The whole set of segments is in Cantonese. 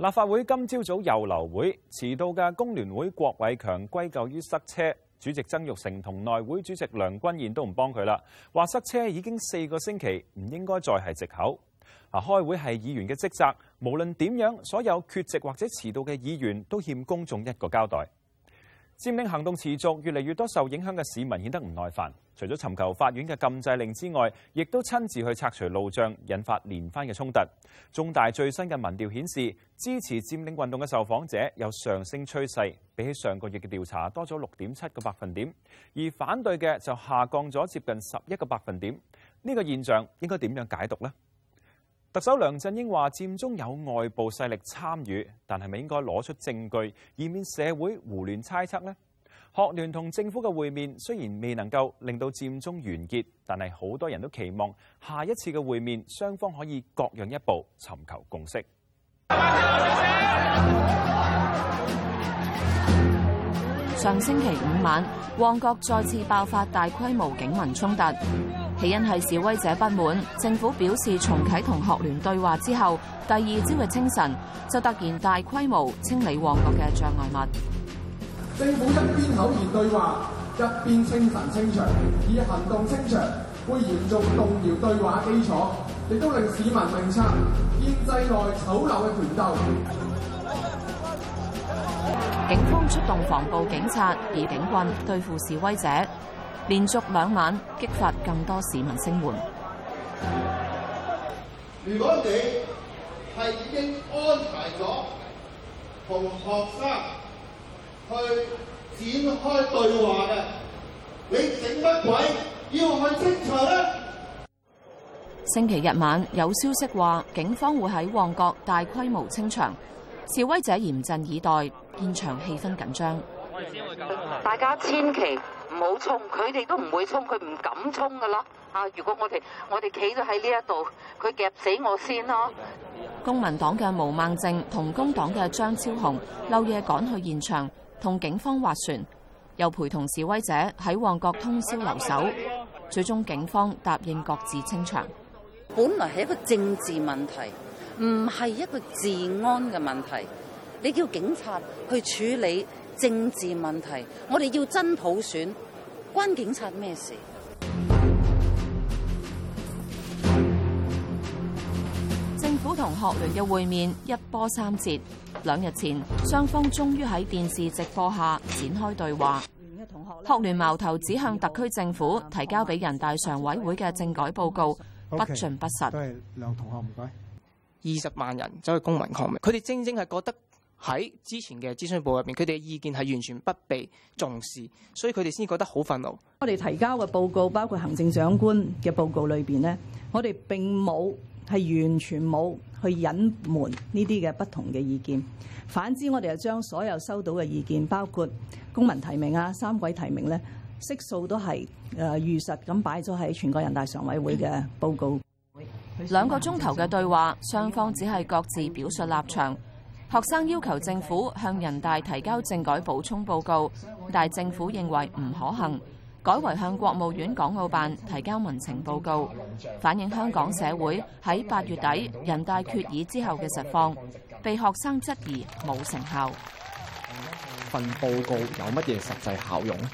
立法會今朝早又流會，遲到嘅工聯會郭偉強歸咎於塞車，主席曾玉成同內會主席梁君彥都唔幫佢啦，話塞車已經四個星期，唔應該再係借口。啊，開會係議員嘅職責，無論點樣，所有缺席或者遲到嘅議員都欠公眾一個交代。佔領行動持續，越嚟越多受影響嘅市民顯得唔耐煩。除咗尋求法院嘅禁制令之外，亦都親自去拆除路障，引發連番嘅衝突。中大最新嘅民調顯示，支持佔領運動嘅受訪者有上升趨勢，比起上個月嘅調查多咗六點七個百分點，而反對嘅就下降咗接近十一個百分點。呢個現象應該點樣解讀呢？特首梁振英話佔中有外部勢力參與，但係咪應該攞出證據，以免社會胡亂猜測呢？學聯同政府嘅會面雖然未能夠令到佔中完結，但係好多人都期望下一次嘅會面，雙方可以各讓一步，尋求共識。上星期五晚，旺角再次爆發大規模警民衝突。起因係示威者不滿，政府表示重啟同學聯對話之後，第二朝嘅清晨就突然大規模清理旺角嘅障礙物。政府一邊口言對話，一邊清晨清場，以行動清場，會嚴重動搖對話基礎，亦都令市民明察建制內醜陋嘅權鬥。警方出動防暴警察以警棍對付示威者。連續兩晚激發更多市民聲援。如果你係已經安排咗同學生去展開對話嘅，你整乜鬼要我清場咧？星期日晚有消息話，警方會喺旺角大規模清場，示威者嚴陣以待，現場氣氛緊張。大家千祈。冇衝，佢哋都唔會衝，佢唔敢衝㗎喇。啊！如果我哋我哋企咗喺呢一度，佢夾死我先咯。公民黨嘅毛孟靜同工黨嘅張超雄漏夜趕去現場，同警方劃船，又陪同示威者喺旺角通宵留守，最終警方答應各自清場。本來係一個政治問題，唔係一個治安嘅問題。你叫警察去處理政治問題，我哋要真普選。關警察咩事？政府同學聯嘅會面一波三折。兩日前，雙方終於喺電視直播下展開對話。學聯矛頭指向特區政府提交俾人大常委會嘅政改報告不盡不實。Okay. 都係兩同學唔該。二十萬人走去公民抗命，佢哋正正係覺得。喺之前嘅諮詢部入邊，佢哋嘅意見係完全不被重視，所以佢哋先覺得好憤怒。我哋提交嘅報告，包括行政長官嘅報告裏邊呢，我哋並冇係完全冇去隱瞞呢啲嘅不同嘅意見。反之，我哋就將所有收到嘅意見，包括公民提名啊、三軌提名呢，悉數都係誒如實咁擺咗喺全國人大常委會嘅報告。兩個鐘頭嘅對話，雙方只係各自表述立場。學生要求政府向人大提交政改補充報告，但政府認為唔可行，改為向國務院港澳辦提交民情報告，反映香港社會喺八月底人大決議之後嘅實況，被學生質疑冇成效。份報告有乜嘢實際效用呢？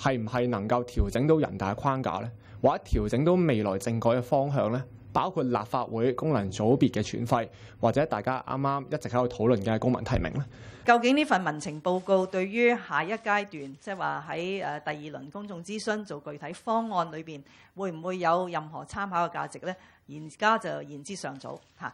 係唔係能夠調整到人大嘅框架呢？或者調整到未來政改嘅方向呢？包括立法會功能組別嘅存廢，或者大家啱啱一直喺度討論嘅公民提名咧。究竟呢份民情報告對於下一階段，即係話喺誒第二輪公眾諮詢做具體方案裏邊，會唔會有任何參考嘅價值咧？而家就言之尚早嚇。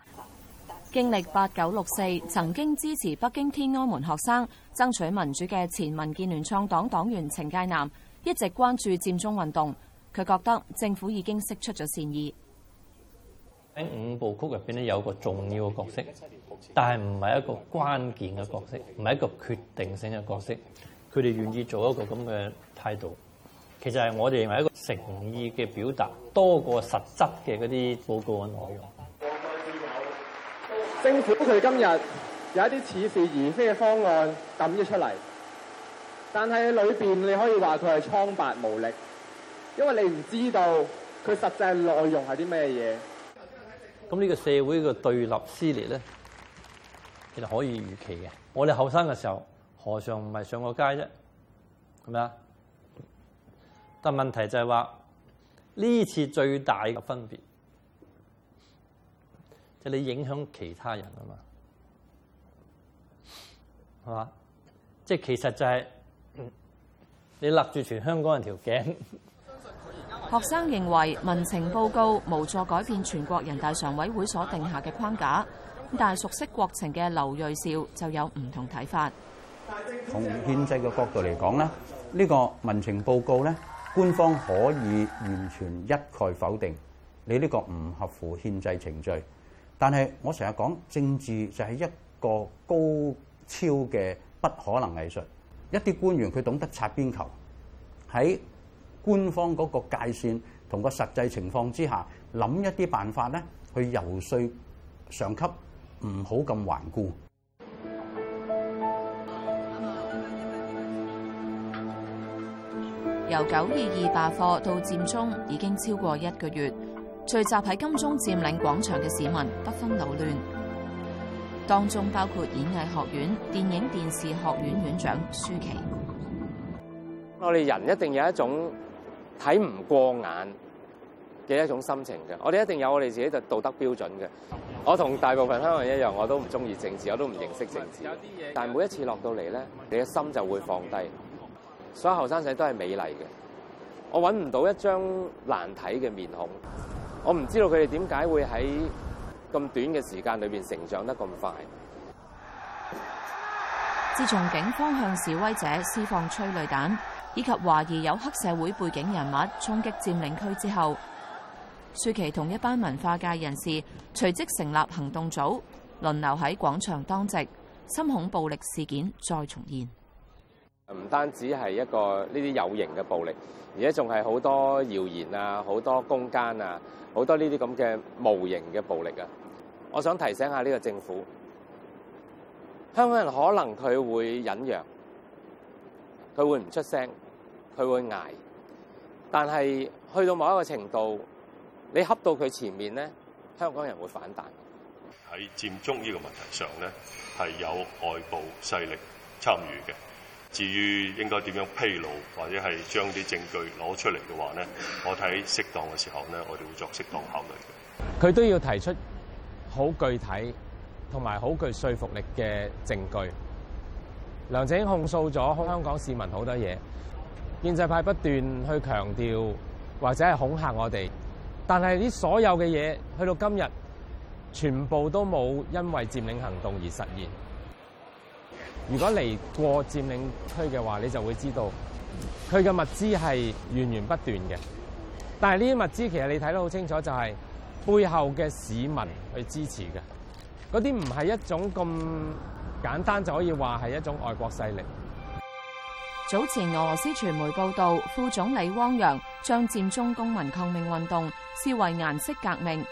經歷八九六四，曾經支持北京天安門學生爭取民主嘅前民建聯創黨黨員程介南一直關注佔中運動，佢覺得政府已經釋出咗善意。喺五部曲入邊咧有個重要嘅角色，但係唔係一個關鍵嘅角色，唔係一個決定性嘅角色。佢哋願意做一個咁嘅態度，其實係我哋認為一個誠意嘅表達，多過實質嘅嗰啲報告嘅內容。政府佢今日有一啲似是而非嘅方案抌咗出嚟，但係裏邊你可以話佢係蒼白無力，因為你唔知道佢實際內容係啲咩嘢。咁呢個社會嘅對立撕裂咧，其實可以預期嘅。我哋後生嘅時候，何嘗唔係上過街啫？咁啊，但問題就係話呢次最大嘅分別，就係你影響其他人啊嘛，係嘛？即係其實就係你勒住全香港人條頸。學生認為民情報告無助改變全國人大常委會所定下嘅框架，但係熟悉國情嘅劉瑞兆就有唔同睇法。從憲制嘅角度嚟講咧，呢、呢個民情報告咧，官方可以完全一概否定你呢個唔合乎憲制程序。但係我成日講政治就係一個高超嘅不可能藝術，一啲官員佢懂得擦邊球喺。官方嗰個界線同個實際情況之下，諗一啲辦法咧，去遊說上級唔好咁頑固。由九二二罷課到占中已經超過一個月，聚集喺金鐘佔領廣場嘅市民不分老嫩，當中包括演藝學院、電影電視學院院長舒琪。我哋人一定有一種，睇唔過眼嘅一種心情嘅，我哋一定有我哋自己嘅道德標準嘅。我同大部分香港人一樣，我都唔中意政治，我都唔認識政治。但係每一次落到嚟咧，你嘅心就會放低。所有後生仔都係美麗嘅，我揾唔到一張難睇嘅面孔。我唔知道佢哋點解會喺咁短嘅時間裏面成長得咁快。自從警方向示威者施放催淚彈，以及懷疑有黑社會背景人物衝擊佔領區之後，舒淇同一班文化界人士隨即成立行動組，輪流喺廣場當值，深恐暴力事件再重現。唔單止係一個呢啲有形嘅暴力，而且仲係好多謠言啊，好多攻奸啊，好多呢啲咁嘅無形嘅暴力啊！我想提醒下呢個政府，香港人可能佢會忍讓。佢會唔出聲，佢會捱，但係去到某一個程度，你恰到佢前面咧，香港人會反彈。喺佔中呢個問題上咧，係有外部勢力參與嘅。至於應該點樣披露，或者係將啲證據攞出嚟嘅話咧，我睇適當嘅時候咧，我哋會作適當考慮嘅。佢都要提出好具體同埋好具說服力嘅證據。梁振英控訴咗香港市民好多嘢，建制派不斷去強調或者係恐嚇我哋，但係呢所有嘅嘢去到今日，全部都冇因為佔領行動而實現。如果嚟過佔領區嘅話，你就會知道佢嘅物資係源源不斷嘅，但係呢啲物資其實你睇得好清楚，就係背後嘅市民去支持嘅，嗰啲唔係一種咁。簡單就可以話係一種外國勢力。早前俄羅斯傳媒報道，副總理汪洋將佔中公民抗命運動視為顏色革命。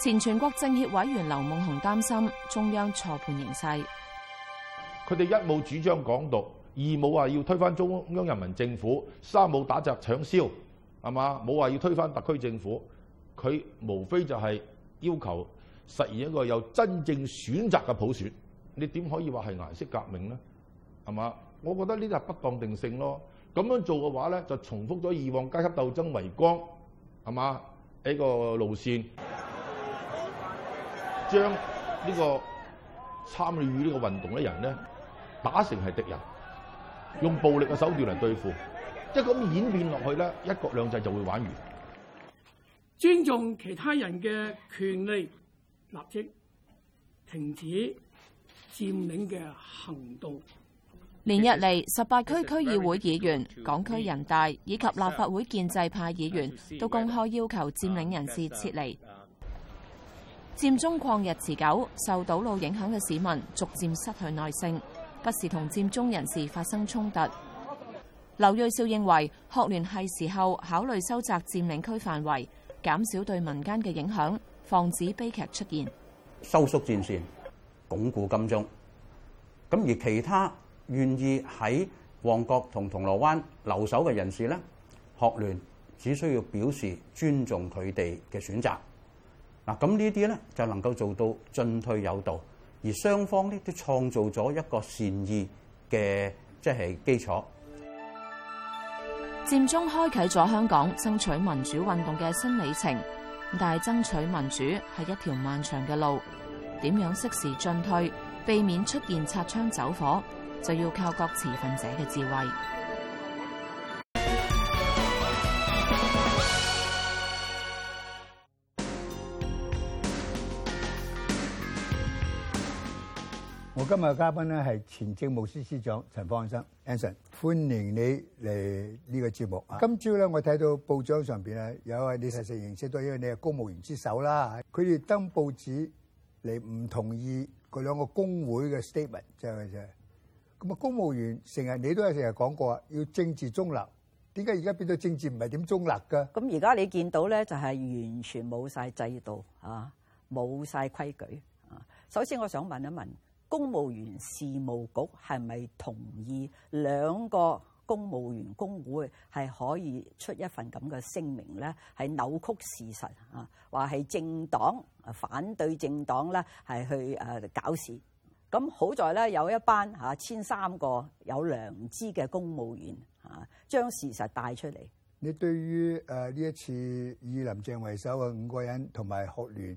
前全國政協委員劉夢熊擔心中央錯判形勢。佢哋一冇主張港獨，二冇話要推翻中央人民政府，三冇打砸搶燒，係嘛？冇話要推翻特區政府。佢無非就係要求實現一個有真正選擇嘅普選。你點可以話係顏色革命咧？係嘛？我覺得呢個係不當定性咯。咁樣做嘅話咧，就重複咗以往階級鬥爭為綱，係嘛？呢個路線將呢個參與呢個運動嘅人咧，打成係敵人，用暴力嘅手段嚟對付。即係咁演變落去咧，一國兩制就會玩完。尊重其他人嘅權利，立即停止。佔領嘅行動，連日嚟，十八區區議會議員、港區人大以及立法會建制派議員都公開要求佔領人士撤離。佔中曠日持久，受堵路影響嘅市民逐漸失去耐性，不時同佔中人士發生衝突。劉瑞兆認為，學聯係時候考慮收窄佔領區範圍，減少對民間嘅影響，防止悲劇出現。收縮戰線。鞏固金鐘，咁而其他願意喺旺角同銅鑼灣留守嘅人士咧，學聯只需要表示尊重佢哋嘅選擇。嗱，咁呢啲咧就能夠做到進退有道，而雙方咧都創造咗一個善意嘅即係基礎。佔中開啟咗香港爭取民主運動嘅新里程，但係爭取民主係一條漫長嘅路。點樣適時進退，避免出現擦槍走火，就要靠各持份者嘅智慧。我今日嘅嘉賓咧係前政務司司長陳方安生，Anson，歡迎你嚟呢個節目。今朝咧，我睇到報章上邊啊，有你實時認識，到，因為你係公務員之首啦。佢哋登報紙。你唔同意佢兩個工會嘅 statement，就係咪先？咁、就、啊、是，公務員成日你都成日講過，要政治中立，點解而家變到政治唔係點中立㗎？咁而家你見到咧，就係完全冇晒制度啊，冇晒規矩啊。首先，我想問一問公務員事務局係咪同意兩個公務員工會係可以出一份咁嘅聲明咧，係扭曲事實啊，話係政黨啊反對政黨咧係去誒、啊、搞事。咁好在咧有一班嚇、啊、千三個有良知嘅公務員嚇將、啊、事實帶出嚟。你對於誒呢、啊、一次以林鄭為首嘅五個人同埋學聯誒嗰、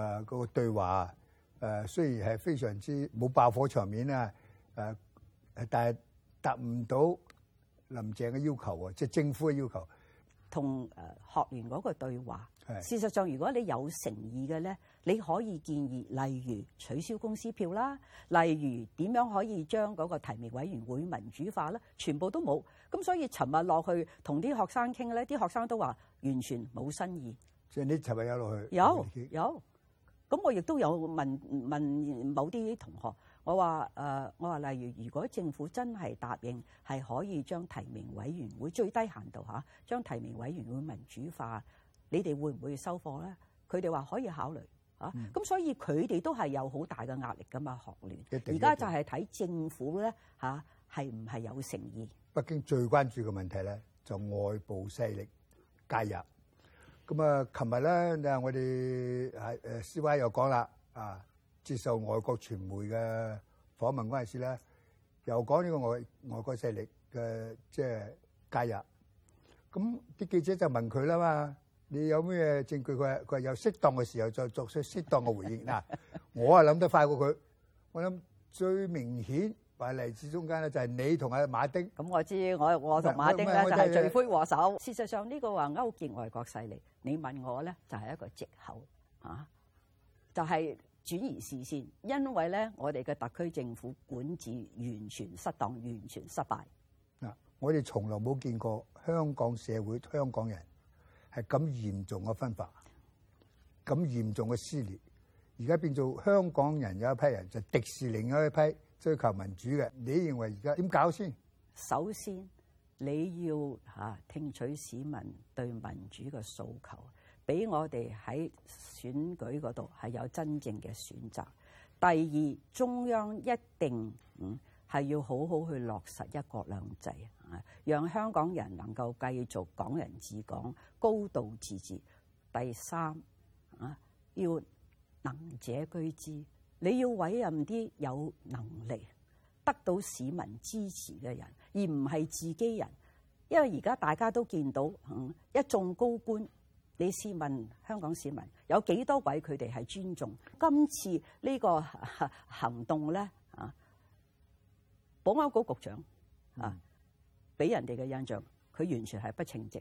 啊那個對話誒、啊，雖然係非常之冇爆火場面啊誒、啊，但係。達唔到林鄭嘅要求喎，即係政府嘅要求。同、就、誒、是、學員嗰個對話，話，事實上如果你有誠意嘅咧，你可以建議例如取消公司票啦，例如點樣可以將嗰個提名委員會民主化啦，全部都冇。咁所以尋日落去同啲學生傾咧，啲學生都話完全冇新意。即係你尋日有落去？有有。咁我亦都有問問某啲同學。我話誒、呃，我話例如，如果政府真係答應，係可以將提名委員會最低限度嚇，將、啊、提名委員會民主化，你哋會唔會收貨咧？佢哋話可以考慮嚇，咁、啊嗯、所以佢哋都係有好大嘅壓力噶嘛，學聯。而家就係睇政府咧嚇，係唔係有誠意？北京最關注嘅問題咧，就外部勢力介入。咁啊，琴日咧，我哋係誒 CY 又講啦啊。接受外國傳媒嘅訪問嗰陣時咧，又講呢個外外國勢力嘅即係介入，咁啲記者就問佢啦嘛，你有咩證據？佢話佢話有適當嘅時候再作出適當嘅回應嗱，我啊諗得快過佢，我諗最明顯話嚟自中間咧就係你同阿馬丁，咁我知我我同馬丁咧就係罪魁禍首。事實上呢個話勾結外國勢力，你問我咧就係一個藉口啊，就係。轉移視線，因為咧，我哋嘅特區政府管治完全失當，完全失敗。嗱、啊，我哋從來冇見過香港社會、香港人係咁嚴重嘅分化，咁嚴重嘅撕裂。而家變做香港人有一批人就敵視另外一批追求民主嘅，你認為而家點搞先？首先你要吓、啊、聽取市民對民主嘅訴求。俾我哋喺選舉嗰度係有真正嘅選擇。第二，中央一定嗯係要好好去落實一國兩制，啊，讓香港人能夠繼續港人治港、高度自治。第三啊，要能者居之，你要委任啲有能力、得到市民支持嘅人，而唔係自己人。因為而家大家都見到，一眾高官。你試問香港市民有幾多位佢哋係尊重今次呢個行動咧？啊，保安局局長啊，俾人哋嘅印象，佢完全係不稱職。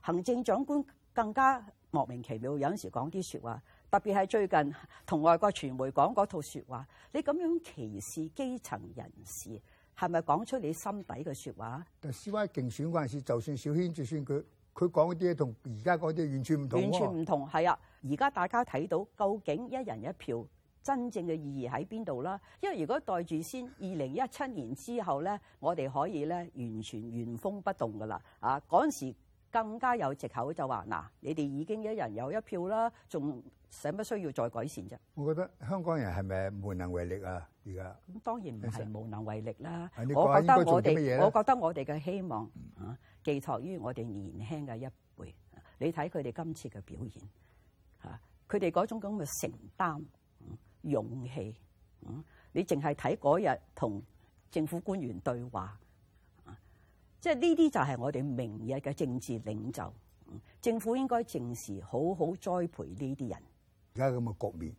行政長官更加莫名其妙，有陣時講啲説話，特別係最近同外國傳媒講嗰套説話，你咁樣歧視基層人士，係咪講出你心底嘅説話？但係 C Y 競選嗰陣時，就算小軒做選舉。佢講嗰啲嘢同而家講啲完全唔同、哦、完全唔同，係啊！而家大家睇到究竟一人一票真正嘅意義喺邊度啦？因為如果袋住先二零一七年之後咧，我哋可以咧完全原封不動噶啦。啊，嗰陣時更加有藉口就話嗱、啊，你哋已經一人有一票啦，仲使乜需要再改善啫？我覺得香港人係咪無能為力啊？而家咁當然唔係無能為力啦。我覺得我哋，我覺得我哋嘅希望嚇，嗯寄託於我哋年輕嘅一輩，你睇佢哋今次嘅表現，嚇佢哋嗰種咁嘅承擔、勇氣，嗯，你淨係睇嗰日同政府官員對話，即係呢啲就係我哋明日嘅政治領袖，政府應該正視，好好栽培呢啲人。而家咁嘅局面，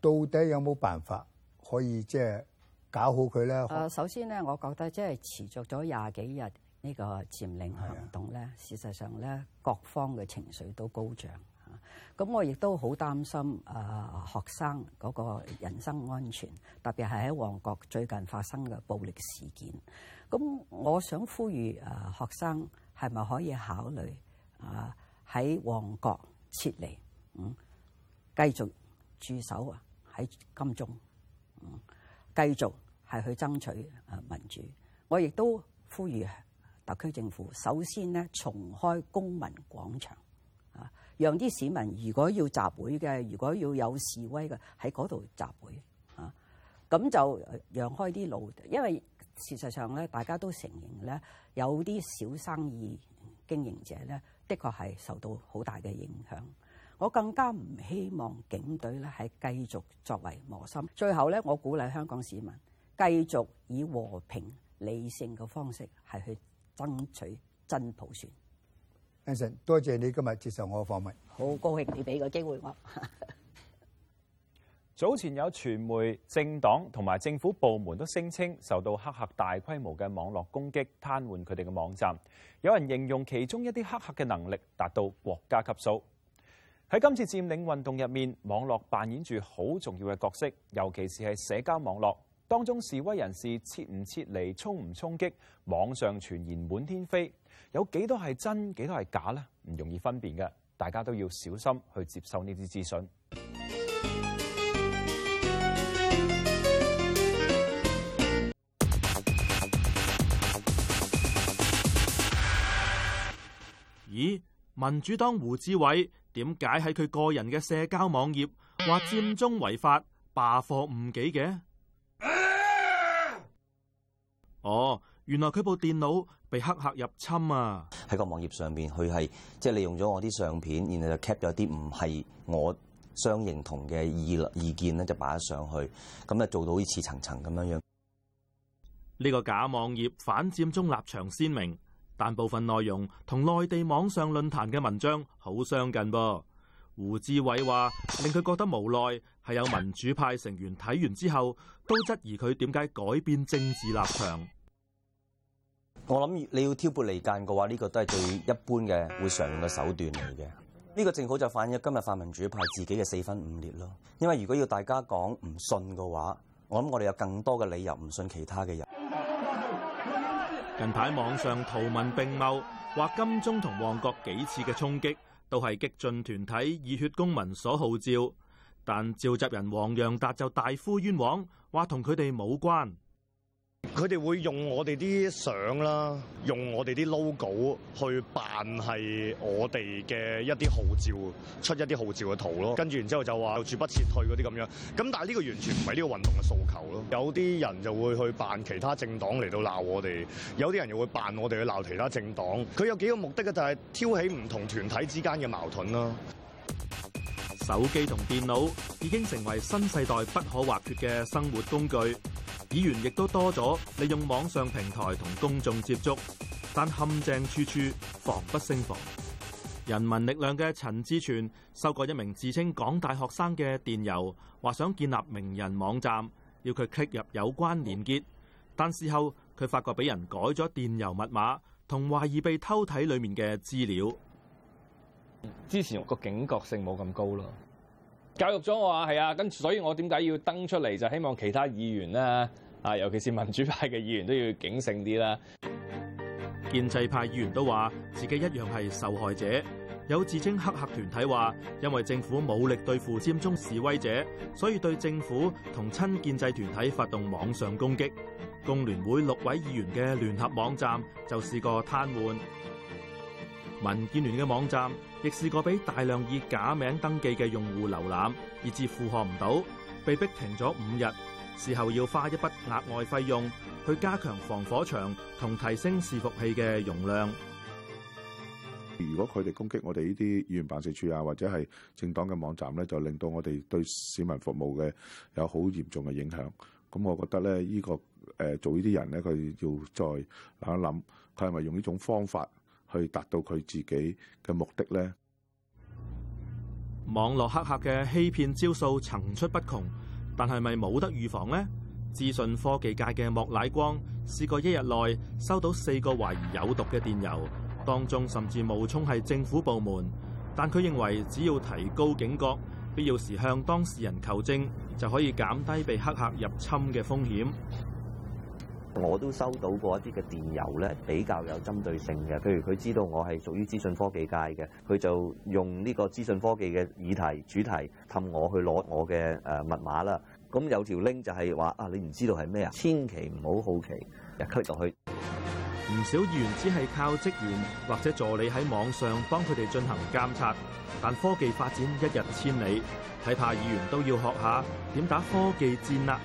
到底有冇辦法可以即係、就是、搞好佢咧？誒，首先咧，我覺得即係持續咗廿幾日。呢、這個佔領行動咧、啊，事實上咧，各方嘅情緒都高漲。咁我亦都好擔心誒、呃、學生嗰個人身安全，特別係喺旺角最近發生嘅暴力事件。咁我想呼籲誒、呃、學生係咪可以考慮啊喺旺角撤離，嗯，繼續駐守啊喺金鐘，嗯，繼續係去爭取民主。我亦都呼籲。特區政府首先咧重開公民廣場啊，讓啲市民如果要集會嘅，如果要有示威嘅喺嗰度集會啊，咁就讓開啲路。因為事實上咧，大家都承認咧，有啲小生意經營者咧，的確係受到好大嘅影響。我更加唔希望警隊咧係繼續作為磨心。最後咧，我鼓勵香港市民繼續以和平理性嘅方式係去。爭取真普選。Anson，多謝你今日接受我嘅訪問。好高興你俾個機會我。 早前有傳媒、政黨同埋政府部門都聲稱受到黑客大規模嘅網絡攻擊，癱瘓佢哋嘅網站。有人形容其中一啲黑客嘅能力達到國家級數。喺今次佔領運動入面，網絡扮演住好重要嘅角色，尤其是係社交網絡。當中示威人士撤唔撤離、衝唔衝擊，網上傳言滿天飛，有幾多係真，幾多係假咧？唔容易分辨嘅，大家都要小心去接受呢啲資訊。咦？民主黨胡志偉點解喺佢個人嘅社交網頁話佔中違法、罷課誤己嘅？哦，原來佢部電腦被黑客入侵啊！喺個網頁上面，佢係即係利用咗我啲相片，然後就 cap 咗啲唔係我相認同嘅意意見咧，就擺咗上去，咁啊做到好似層層咁樣樣。呢個假網頁反佔中立場鮮明，但部分內容同內地網上論壇嘅文章好相近噃。胡志偉話令佢覺得無奈，係有民主派成員睇完之後都質疑佢點解改變政治立場。我諗你要挑撥離間嘅話，呢個都係最一般嘅會常用嘅手段嚟嘅。呢個正好就反映今日泛民主派自己嘅四分五裂咯。因為如果要大家講唔信嘅話，我諗我哋有更多嘅理由唔信其他嘅人。近排網上圖文並茂，話金鐘同旺角幾次嘅衝擊都係激進團體熱血公民所號召，但召集人黃洋達就大呼冤枉，話同佢哋冇關。佢哋會用我哋啲相啦，用我哋啲 logo 去扮係我哋嘅一啲號召，出一啲號召嘅圖咯。跟住然之後就話住不撤退嗰啲咁樣。咁但係呢個完全唔係呢個運動嘅訴求咯。有啲人就會去扮其他政黨嚟到鬧我哋，有啲人又會扮我哋去鬧其他政黨。佢有幾個目的嘅，就係挑起唔同團體之間嘅矛盾啦。手機同電腦已經成為新世代不可或缺嘅生活工具。議員亦都多咗利用網上平台同公眾接觸，但陷阱處處，防不勝防。人民力量嘅陳志全收過一名自稱港大學生嘅電郵，話想建立名人網站，要佢 click 入有關連結，但事後佢發覺俾人改咗電郵密碼，同懷疑被偷睇裏面嘅資料。之前個警覺性冇咁高咯。教育咗我啊，係啊，跟所以，我點解要登出嚟，就希望其他議員咧啊，尤其是民主派嘅議員都要警醒啲啦。建制派議員都話自己一樣係受害者，有自稱黑客團體話，因為政府武力對付佔中示威者，所以對政府同親建制團體發動網上攻擊。工聯會六位議員嘅聯合網站就試過癱瘓，民建聯嘅網站。亦試過俾大量以假名登記嘅用戶瀏覽，以致負荷唔到，被逼停咗五日。事後要花一筆額外費用去加強防火牆同提升伺服器嘅容量。如果佢哋攻擊我哋呢啲議員辦事處啊，或者係政黨嘅網站咧，就令到我哋對市民服務嘅有好嚴重嘅影響。咁我覺得咧，呢個誒做呢啲人咧，佢要再諗一諗，佢係咪用呢種方法，去達到佢自己嘅目的呢？網絡黑客嘅欺騙招數層出不窮，但係咪冇得預防呢？資訊科技界嘅莫乃光試過一日內收到四個懷疑有毒嘅電郵，當中甚至冒充係政府部門。但佢認為只要提高警覺，必要時向當事人求證，就可以減低被黑客入侵嘅風險。我都收到過一啲嘅電郵咧，比較有針對性嘅。譬如佢知道我係屬於資訊科技界嘅，佢就用呢個資訊科技嘅議題主題氹我去攞我嘅誒密碼啦。咁有條 link 就係話啊，你唔知道係咩啊，千祈唔好好奇，入 click 落去。唔少議員只係靠職員或者助理喺網上幫佢哋進行監察，但科技發展一日千里，睇怕議員都要學下點打科技戰啦，啊。